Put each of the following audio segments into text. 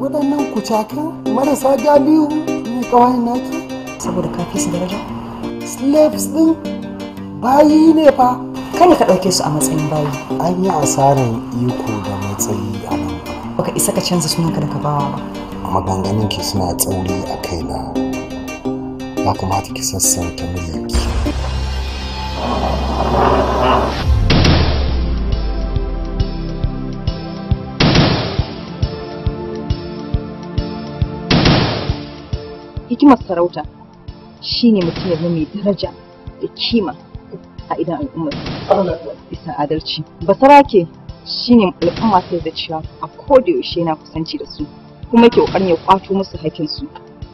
waɗannan kucakan marasa galiyu ne kawai naki saboda kafi su daraja slaves din bayi ne fa kada ka ɗauke su a matsayin bayi an yi asarar iko da matsayi a nan baka isa ka canza sunanka da ka bawa ba maganganun ki suna tsauri a kaina ya kamata ki sassanta muryarki hikimar sarauta shine mutum ya zama mai daraja da kima a idan al'ummar bisa adalci basarake shine al'umma sai da cewa a koda yaushe yana kusanci da su kuma ke kokarin ya kwato musu hakinsu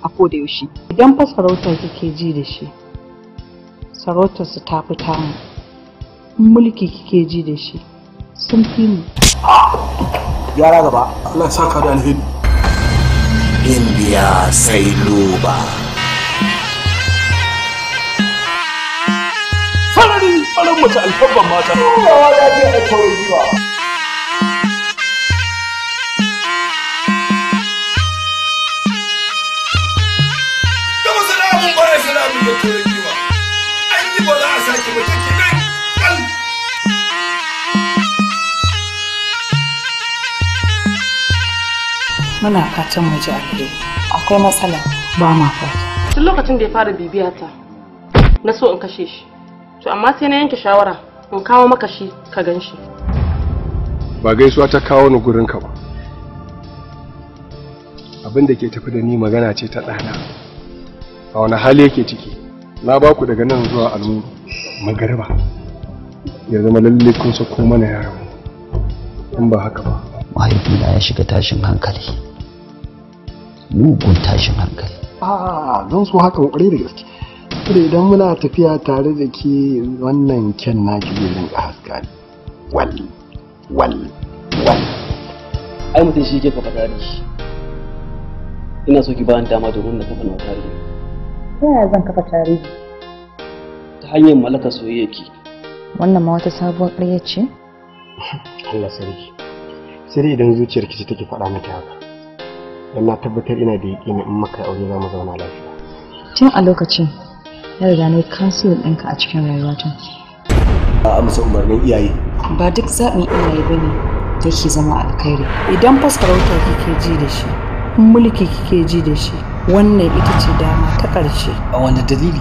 a koda yaushe idan fa sarauta kike ji da shi sarautar su ta fita mu mulki kike ji da shi sun fi mu yara gaba Allah saka da alheri biya sai luba farari farin mace alfabban mata kowa ya je da kawai muna fatan mu ji alheri akwai matsala ba ma fata tun lokacin da ya fara bibiya ta na so in kashe shi to amma sai na yanke shawara in kawo maka shi ka gan shi ba gaisuwa ta kawo ni gurin ka ba abin da ke tafi da ni magana ce ta ɗana a wani hali yake ciki na ba ku daga nan zuwa almuru magariba ya zama lalle kun sako mana yaran in ba haka ba mahaifina ya shiga tashin hankali mugun tashin hankali a zan so hakan kwarai da gaske saboda idan muna tafiya tare da ke wannan kyan naki zai rinka haska ne wal wal wal ai mutum shi ke faɗa da shi ina so ki ba ni dama domin na kafa na tarihi ta yaya zan kafa tarihi ta hanyar mallaka soyayya ki wannan ma wata sabuwar ƙarya ce Allah sarki sai idan zuciyar ki take faɗa miki haka don tabbatar ina da ne, in maka aure za mu zauna lafiya tun a lokacin ya riga kan kansu ɗinka a cikin rayuwata a amsa umarnin iyaye ba duk zaɓin iyaye ba ne ke zama alkhairi idan fasfarauta kike ji da shi mulki kike ji da shi wannan ita ce dama ta ƙarshe a wani dalili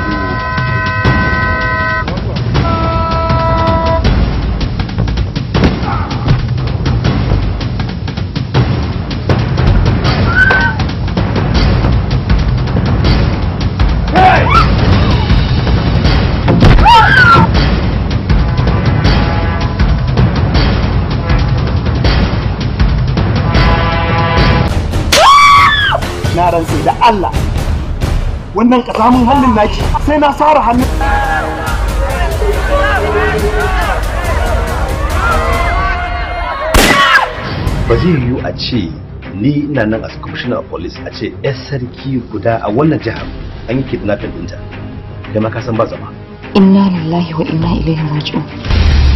na rantse da Allah wannan ƙasamin hannun naki sai na sara hannu. ba zai yiwu a ce ni ina nan as commissioner of police a ce yar sarki guda a wannan jihar an yi kidnapping ɗinta kai ma ka san ba zama inna lillahi wa inna ilaihi raji'un